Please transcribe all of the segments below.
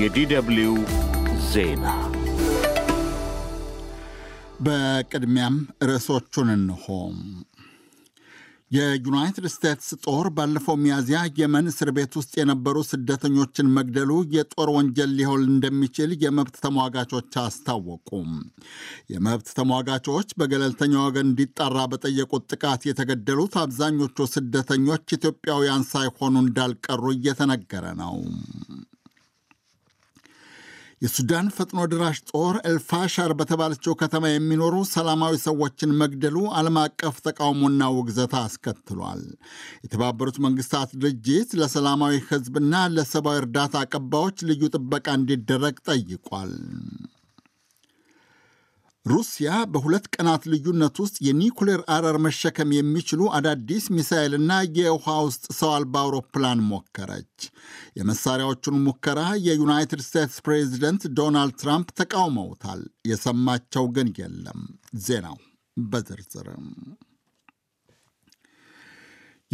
የዲደብልዩ ዜና። በቅድሚያም ርዕሶቹን እንሆ። የዩናይትድ ስቴትስ ጦር ባለፈው ሚያዝያ የመን እስር ቤት ውስጥ የነበሩ ስደተኞችን መግደሉ የጦር ወንጀል ሊሆን እንደሚችል የመብት ተሟጋቾች አስታወቁም። የመብት ተሟጋቾች በገለልተኛ ወገን እንዲጣራ በጠየቁት ጥቃት የተገደሉት አብዛኞቹ ስደተኞች ኢትዮጵያውያን ሳይሆኑ እንዳልቀሩ እየተነገረ ነው። የሱዳን ፈጥኖ ድራሽ ጦር ኤልፋሻር በተባለችው ከተማ የሚኖሩ ሰላማዊ ሰዎችን መግደሉ ዓለም አቀፍ ተቃውሞና ውግዘታ አስከትሏል። የተባበሩት መንግስታት ድርጅት ለሰላማዊ ህዝብና ለሰብአዊ እርዳታ አቀባዮች ልዩ ጥበቃ እንዲደረግ ጠይቋል። ሩሲያ በሁለት ቀናት ልዩነት ውስጥ የኒኩሌር አረር መሸከም የሚችሉ አዳዲስ ሚሳይልና የውሃ ውስጥ ሰው አልባ አውሮፕላን ሞከረች። የመሳሪያዎቹን ሙከራ የዩናይትድ ስቴትስ ፕሬዚደንት ዶናልድ ትራምፕ ተቃውመውታል። የሰማቸው ግን የለም። ዜናው በዝርዝርም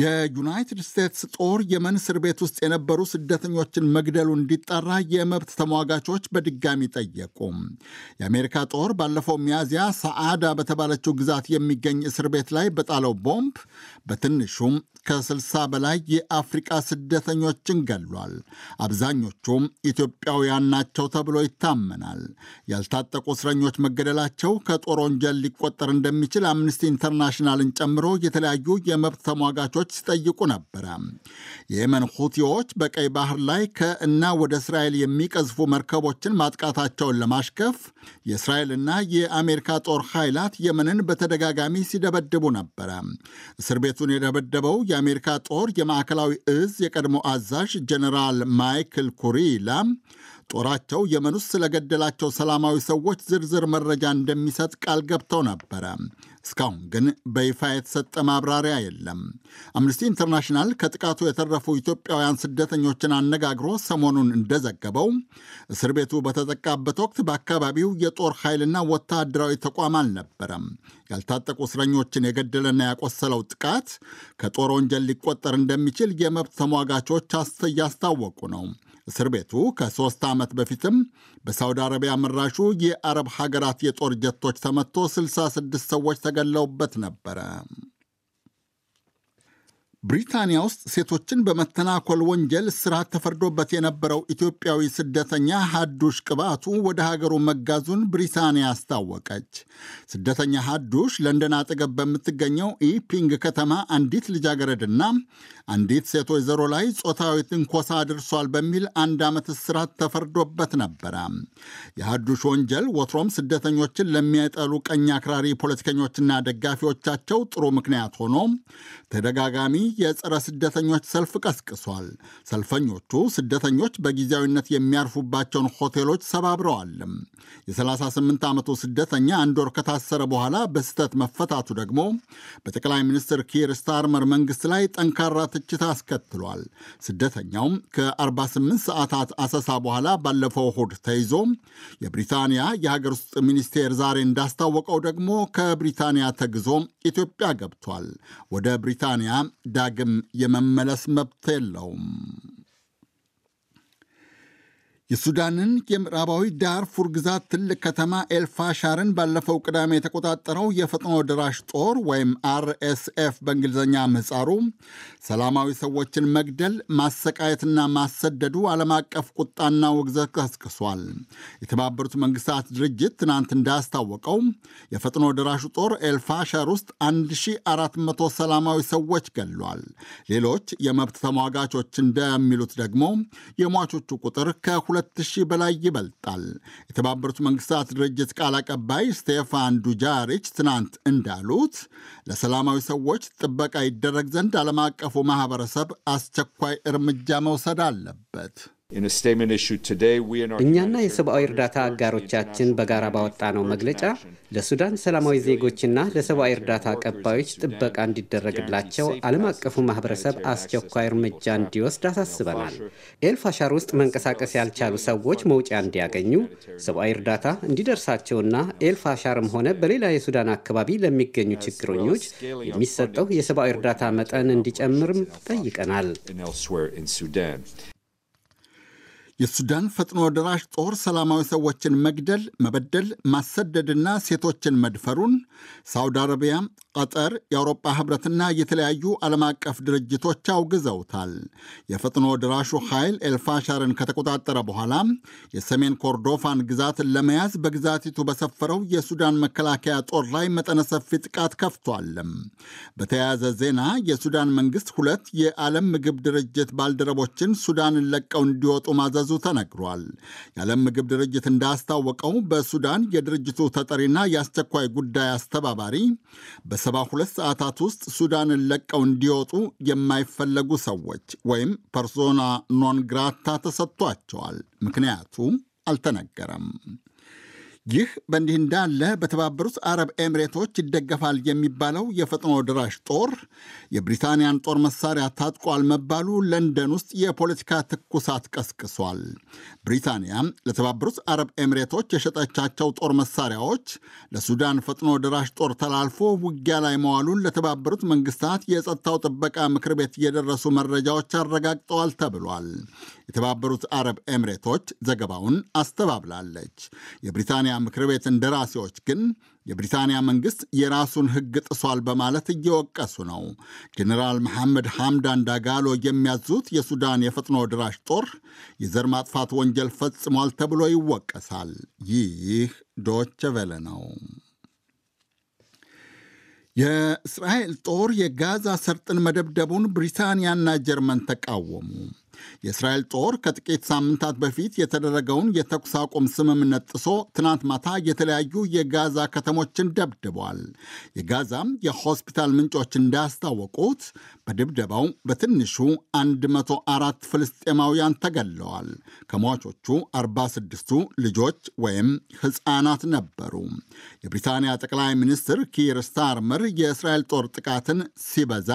የዩናይትድ ስቴትስ ጦር የመን እስር ቤት ውስጥ የነበሩ ስደተኞችን መግደሉ እንዲጠራ የመብት ተሟጋቾች በድጋሚ ጠየቁ። የአሜሪካ ጦር ባለፈው ሚያዝያ ሰዓዳ በተባለችው ግዛት የሚገኝ እስር ቤት ላይ በጣለው ቦምብ በትንሹም ከ60 በላይ የአፍሪቃ ስደተኞችን ገሏል። አብዛኞቹም ኢትዮጵያውያን ናቸው ተብሎ ይታመናል። ያልታጠቁ እስረኞች መገደላቸው ከጦር ወንጀል ሊቆጠር እንደሚችል አምነስቲ ኢንተርናሽናልን ጨምሮ የተለያዩ የመብት ተሟጋቾች ሰዎች ሲጠይቁ ነበረ። የየመን ሁቲዎች በቀይ ባህር ላይ ከእና ወደ እስራኤል የሚቀዝፉ መርከቦችን ማጥቃታቸውን ለማሽከፍ የእስራኤልና የአሜሪካ ጦር ኃይላት የመንን በተደጋጋሚ ሲደበድቡ ነበረ። እስር ቤቱን የደበደበው የአሜሪካ ጦር የማዕከላዊ እዝ የቀድሞ አዛዥ ጀኔራል ማይክል ኩሪላ ጦራቸው የመን ውስጥ ስለገደላቸው ሰላማዊ ሰዎች ዝርዝር መረጃ እንደሚሰጥ ቃል ገብተው ነበረ። እስካሁን ግን በይፋ የተሰጠ ማብራሪያ የለም። አምነስቲ ኢንተርናሽናል ከጥቃቱ የተረፉ ኢትዮጵያውያን ስደተኞችን አነጋግሮ ሰሞኑን እንደዘገበው እስር ቤቱ በተጠቃበት ወቅት በአካባቢው የጦር ኃይልና ወታደራዊ ተቋም አልነበረም። ያልታጠቁ እስረኞችን የገደለና ያቆሰለው ጥቃት ከጦር ወንጀል ሊቆጠር እንደሚችል የመብት ተሟጋቾች እያስታወቁ ነው። እስር ቤቱ ከሶስት ዓመት በፊትም በሳውዲ አረቢያ መራሹ የአረብ ሀገራት የጦር ጀቶች ተመቶ 66 ሰዎች ተገለውበት ነበረ። ብሪታንያ ውስጥ ሴቶችን በመተናኮል ወንጀል እስራት ተፈርዶበት የነበረው ኢትዮጵያዊ ስደተኛ ሀዱሽ ቅባቱ ወደ ሀገሩ መጋዙን ብሪታንያ አስታወቀች። ስደተኛ ሀዱሽ ለንደን አጠገብ በምትገኘው ኢፒንግ ከተማ አንዲት ልጃገረድና አንዲት ሴት ወይዘሮ ላይ ጾታዊ ትንኮሳ አድርሷል በሚል አንድ ዓመት እስራት ተፈርዶበት ነበረ። የሀዱሽ ወንጀል ወትሮም ስደተኞችን ለሚያጠሉ ቀኝ አክራሪ ፖለቲከኞችና ደጋፊዎቻቸው ጥሩ ምክንያት ሆኖ ተደጋጋሚ የጸረ ስደተኞች ሰልፍ ቀስቅሷል። ሰልፈኞቹ ስደተኞች በጊዜያዊነት የሚያርፉባቸውን ሆቴሎች ሰባብረዋል የ የ38 ዓመቱ ስደተኛ አንድ ወር ከታሰረ በኋላ በስህተት መፈታቱ ደግሞ በጠቅላይ ሚኒስትር ኪር ስታርመር መንግስት ላይ ጠንካራ ትችት አስከትሏል። ስደተኛውም ከ48 ሰዓታት አሰሳ በኋላ ባለፈው እሁድ ተይዞ የብሪታንያ የሀገር ውስጥ ሚኒስቴር ዛሬ እንዳስታወቀው ደግሞ ከብሪታንያ ተግዞ ኢትዮጵያ ገብቷል። ወደ ብሪታንያ ዳግም የመመለስ መብት የለውም። የሱዳንን የምዕራባዊ ዳርፉር ግዛት ትልቅ ከተማ ኤልፋሻርን ባለፈው ቅዳሜ የተቆጣጠረው የፈጥኖ ደራሽ ጦር ወይም አርኤስኤፍ በእንግሊዝኛ ምጻሩ ሰላማዊ ሰዎችን መግደል፣ ማሰቃየትና ማሰደዱ ዓለም አቀፍ ቁጣና ውግዘት ቀስቅሷል። የተባበሩት መንግስታት ድርጅት ትናንት እንዳስታወቀው የፈጥኖ ደራሹ ጦር ኤልፋሻር ውስጥ 1400 ሰላማዊ ሰዎች ገድሏል። ሌሎች የመብት ተሟጋቾች እንደሚሉት ደግሞ የሟቾቹ ቁጥር ከሁ ከሁለት 2000 በላይ ይበልጣል። የተባበሩት መንግስታት ድርጅት ቃል አቀባይ ስቴፋን ዱጃሪች ትናንት እንዳሉት ለሰላማዊ ሰዎች ጥበቃ ይደረግ ዘንድ ዓለም አቀፉ ማህበረሰብ አስቸኳይ እርምጃ መውሰድ አለበት። እኛና የሰብአዊ እርዳታ አጋሮቻችን በጋራ ባወጣነው መግለጫ ለሱዳን ሰላማዊ ዜጎችና ለሰብአዊ እርዳታ አቀባዮች ጥበቃ እንዲደረግላቸው ዓለም አቀፉ ማህበረሰብ አስቸኳይ እርምጃ እንዲወስድ አሳስበናል። ኤልፋሻር ውስጥ መንቀሳቀስ ያልቻሉ ሰዎች መውጫ እንዲያገኙ፣ ሰብአዊ እርዳታ እንዲደርሳቸውና ኤልፋሻርም ሆነ በሌላ የሱዳን አካባቢ ለሚገኙ ችግረኞች የሚሰጠው የሰብአዊ እርዳታ መጠን እንዲጨምርም ጠይቀናል። የሱዳን ፈጥኖ ደራሽ ጦር ሰላማዊ ሰዎችን መግደል፣ መበደል፣ ማሰደድና ሴቶችን መድፈሩን፣ ሳውዲ አረቢያ ቀጠር፣ የአውሮጳ ህብረትና የተለያዩ ዓለም አቀፍ ድርጅቶች አውግዘውታል። የፈጥኖ ድራሹ ኃይል ኤልፋሻርን ከተቆጣጠረ በኋላ የሰሜን ኮርዶፋን ግዛትን ለመያዝ በግዛቲቱ በሰፈረው የሱዳን መከላከያ ጦር ላይ መጠነ ሰፊ ጥቃት ከፍቷል። በተያያዘ ዜና የሱዳን መንግስት ሁለት የዓለም ምግብ ድርጅት ባልደረቦችን ሱዳንን ለቀው እንዲወጡ ማዘዙ ተነግሯል። የዓለም ምግብ ድርጅት እንዳስታወቀው በሱዳን የድርጅቱ ተጠሪና የአስቸኳይ ጉዳይ አስተባባሪ በ72 ሰዓታት ውስጥ ሱዳንን ለቀው እንዲወጡ የማይፈለጉ ሰዎች ወይም ፐርሶና ኖን ግራታ ተሰጥቷቸዋል። ምክንያቱ አልተነገረም። ይህ በእንዲህ እንዳለ በተባበሩት አረብ ኤምሬቶች ይደገፋል የሚባለው የፈጥኖ ድራሽ ጦር የብሪታንያን ጦር መሳሪያ ታጥቋል መባሉ ለንደን ውስጥ የፖለቲካ ትኩሳት ቀስቅሷል። ብሪታንያ ለተባበሩት አረብ ኤምሬቶች የሸጠቻቸው ጦር መሳሪያዎች ለሱዳን ፈጥኖ ድራሽ ጦር ተላልፎ ውጊያ ላይ መዋሉን ለተባበሩት መንግስታት የጸጥታው ጥበቃ ምክር ቤት የደረሱ መረጃዎች አረጋግጠዋል ተብሏል። የተባበሩት አረብ ኤምሬቶች ዘገባውን አስተባብላለች። የብሪታንያ ምክር ቤት እንደራሴዎች ግን የብሪታንያ መንግሥት የራሱን ሕግ ጥሷል በማለት እየወቀሱ ነው። ጀኔራል መሐመድ ሐምዳን ዳጋሎ የሚያዙት የሱዳን የፈጥኖ ድራሽ ጦር የዘር ማጥፋት ወንጀል ፈጽሟል ተብሎ ይወቀሳል። ይህ ዶቼ ቬለ ነው። የእስራኤል ጦር የጋዛ ሰርጥን መደብደቡን ብሪታንያና ጀርመን ተቃወሙ። የእስራኤል ጦር ከጥቂት ሳምንታት በፊት የተደረገውን የተኩስ አቁም ስምምነት ጥሶ ትናንት ማታ የተለያዩ የጋዛ ከተሞችን ደብድበዋል። የጋዛም የሆስፒታል ምንጮች እንዳስታወቁት በድብደባው በትንሹ 104 ፍልስጤማውያን ተገለዋል። ከሟቾቹ 46ቱ ልጆች ወይም ሕፃናት ነበሩ። የብሪታንያ ጠቅላይ ሚኒስትር ኪር ስታርመር የእስራኤል ጦር ጥቃትን ሲበዛ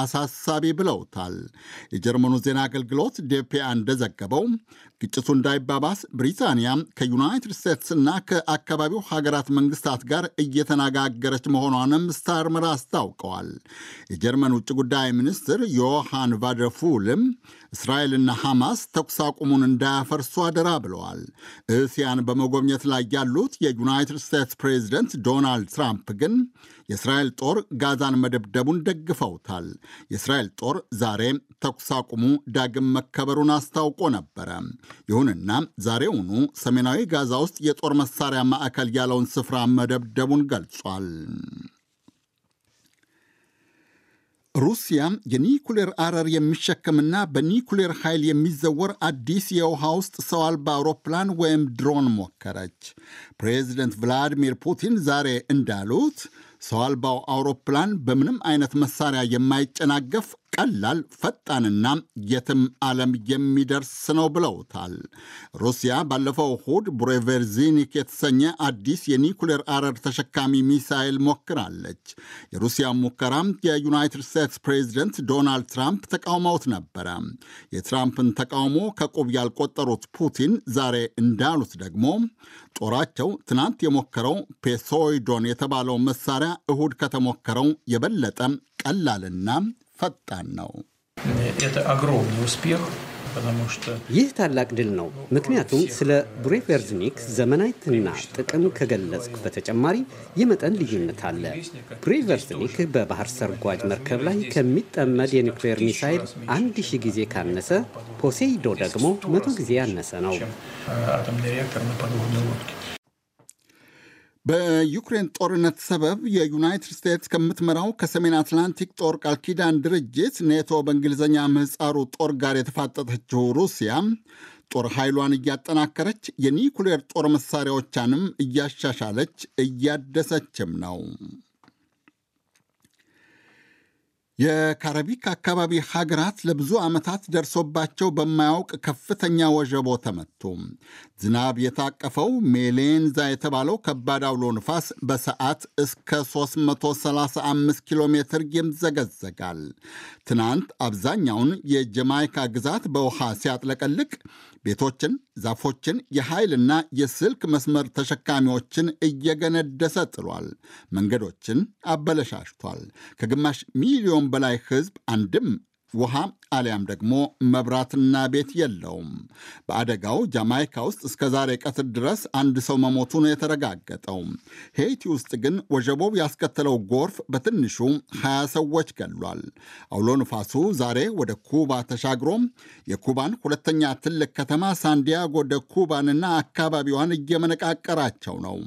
አሳሳቢ ብለውታል። የጀርመኑ ዜና አገልግሎት ዴፒአ እንደዘገበው ግጭቱ እንዳይባባስ ብሪታንያ ከዩናይትድ ስቴትስ እና ከአካባቢው ሀገራት መንግስታት ጋር እየተነጋገረች መሆኗንም ስታርመር አስታውቀዋል። የጀርመን ውጭ ጉዳይ ሚኒስትር ዮሐን ቫደፉልም እስራኤልና ሐማስ ተኩስ አቁሙን እንዳያፈርሱ አደራ ብለዋል። እስያን በመጎብኘት ላይ ያሉት የዩናይትድ ስቴትስ ፕሬዚደንት ዶናልድ ትራምፕ ግን የእስራኤል ጦር ጋዛን መደብደቡን ደግፈውታል። የእስራኤል ጦር ዛሬ ተኩስ አቁሙ ዳግም መከበሩን አስታውቆ ነበረ። ይሁንና ዛሬውኑ ሰሜናዊ ጋዛ ውስጥ የጦር መሳሪያ ማዕከል ያለውን ስፍራ መደብደቡን ገልጿል። ሩሲያ የኒኩሌር አረር የሚሸከምና በኒኩሌር ኃይል የሚዘወር አዲስ የውሃ ውስጥ ሰው አልባ አውሮፕላን ወይም ድሮን ሞከረች። ፕሬዚደንት ቭላዲሚር ፑቲን ዛሬ እንዳሉት ሰው አልባው አውሮፕላን በምንም አይነት መሳሪያ የማይጨናገፍ ቀላል፣ ፈጣንና የትም ዓለም የሚደርስ ነው ብለውታል። ሩሲያ ባለፈው እሁድ ቡሬቨርዚኒክ የተሰኘ አዲስ የኒኩሌር አረር ተሸካሚ ሚሳይል ሞክራለች። የሩሲያ ሙከራም የዩናይትድ ስቴትስ ፕሬዚደንት ዶናልድ ትራምፕ ተቃውመውት ነበረ። የትራምፕን ተቃውሞ ከቁብ ያልቆጠሩት ፑቲን ዛሬ እንዳሉት ደግሞ ጦራቸው ትናንት የሞከረው ፔሶይዶን የተባለው መሳሪያ እሁድ ከተሞከረው የበለጠ ቀላልና ፈጣን ነው። ይህ ታላቅ ድል ነው። ምክንያቱም ስለ ብሬቨርዝኒክ ዘመናዊትና ጥቅም ከገለጽኩ በተጨማሪ የመጠን ልዩነት አለ። ብሬቨርዝኒክ በባህር ሰርጓጅ መርከብ ላይ ከሚጠመድ የኒውክሌር ሚሳይል አንድ ሺህ ጊዜ ካነሰ፣ ፖሴይዶ ደግሞ መቶ ጊዜ ያነሰ ነው። э, በዩክሬን ጦርነት ሰበብ የዩናይትድ ስቴትስ ከምትመራው ከሰሜን አትላንቲክ ጦር ቃል ኪዳን ድርጅት ኔቶ በእንግሊዝኛ ምህፃሩ ጦር ጋር የተፋጠጠችው ሩሲያ ጦር ኃይሏን እያጠናከረች የኒኩሌር ጦር መሳሪያዎቿንም እያሻሻለች እያደሰችም ነው። የካረቢክ አካባቢ ሀገራት ለብዙ ዓመታት ደርሶባቸው በማያውቅ ከፍተኛ ወጀቦ ተመቱ። ዝናብ የታቀፈው ሜሌንዛ የተባለው ከባድ አውሎ ንፋስ በሰዓት እስከ 335 ኪሎ ሜትር ይምዘገዘጋል። ትናንት አብዛኛውን የጀማይካ ግዛት በውሃ ሲያጥለቀልቅ ቤቶችን፣ ዛፎችን፣ የኃይልና የስልክ መስመር ተሸካሚዎችን እየገነደሰ ጥሏል። መንገዶችን አበለሻሽቷል። ከግማሽ ሚሊዮን በላይ ሕዝብ አንድም ውሃ አሊያም ደግሞ መብራትና ቤት የለውም። በአደጋው ጃማይካ ውስጥ እስከ ዛሬ ቀትር ድረስ አንድ ሰው መሞቱ ነው የተረጋገጠው። ሄይቲ ውስጥ ግን ወጀቦብ ያስከተለው ጎርፍ በትንሹ 20 ሰዎች ገሏል። አውሎ ንፋሱ ዛሬ ወደ ኩባ ተሻግሮ የኩባን ሁለተኛ ትልቅ ከተማ ሳንዲያጎ ደ ኩባንና አካባቢዋን እየመነቃቀራቸው ነው።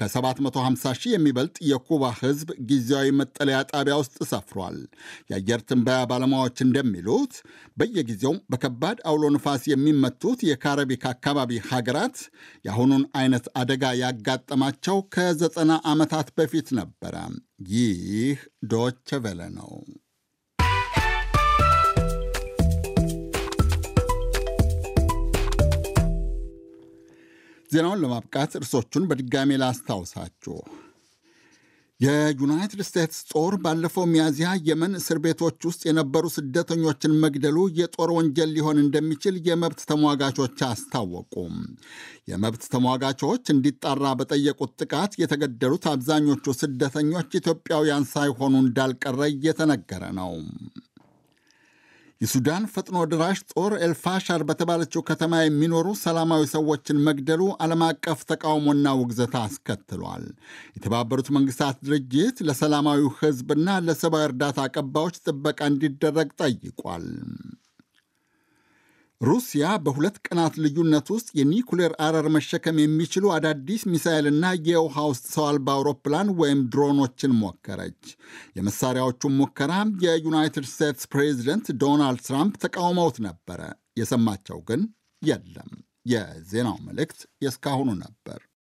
ከ750 ሺህ የሚበልጥ የኩባ ሕዝብ ጊዜያዊ መጠለያ ጣቢያ ውስጥ ሰፍሯል። የአየር ትንበያ ባለሙያዎች እንደሚሉት በየጊዜው በከባድ አውሎ ንፋስ የሚመቱት የካረቢክ አካባቢ ሀገራት የአሁኑን አይነት አደጋ ያጋጠማቸው ከዘጠና ዓመታት በፊት ነበረ። ይህ ዶች ቬለ ነው። ዜናውን ለማብቃት እርሶቹን በድጋሜ ላስታውሳችሁ። የዩናይትድ ስቴትስ ጦር ባለፈው ሚያዝያ የመን እስር ቤቶች ውስጥ የነበሩ ስደተኞችን መግደሉ የጦር ወንጀል ሊሆን እንደሚችል የመብት ተሟጋቾች አስታወቁ። የመብት ተሟጋቾች እንዲጣራ በጠየቁት ጥቃት የተገደሉት አብዛኞቹ ስደተኞች ኢትዮጵያውያን ሳይሆኑ እንዳልቀረ እየተነገረ ነው። የሱዳን ፈጥኖ ድራሽ ጦር ኤልፋሻር በተባለችው ከተማ የሚኖሩ ሰላማዊ ሰዎችን መግደሉ ዓለም አቀፍ ተቃውሞና ውግዘታ አስከትሏል። የተባበሩት መንግስታት ድርጅት ለሰላማዊው ህዝብና ለሰብአዊ እርዳታ አቀባዮች ጥበቃ እንዲደረግ ጠይቋል። ሩሲያ በሁለት ቀናት ልዩነት ውስጥ የኒኩሌር አረር መሸከም የሚችሉ አዳዲስ ሚሳይልና የውሃ ውስጥ ሰው አልባ አውሮፕላን ወይም ድሮኖችን ሞከረች። የመሳሪያዎቹን ሙከራ የዩናይትድ ስቴትስ ፕሬዚደንት ዶናልድ ትራምፕ ተቃውመውት ነበረ። የሰማቸው ግን የለም። የዜናው መልእክት የእስካሁኑ ነበር።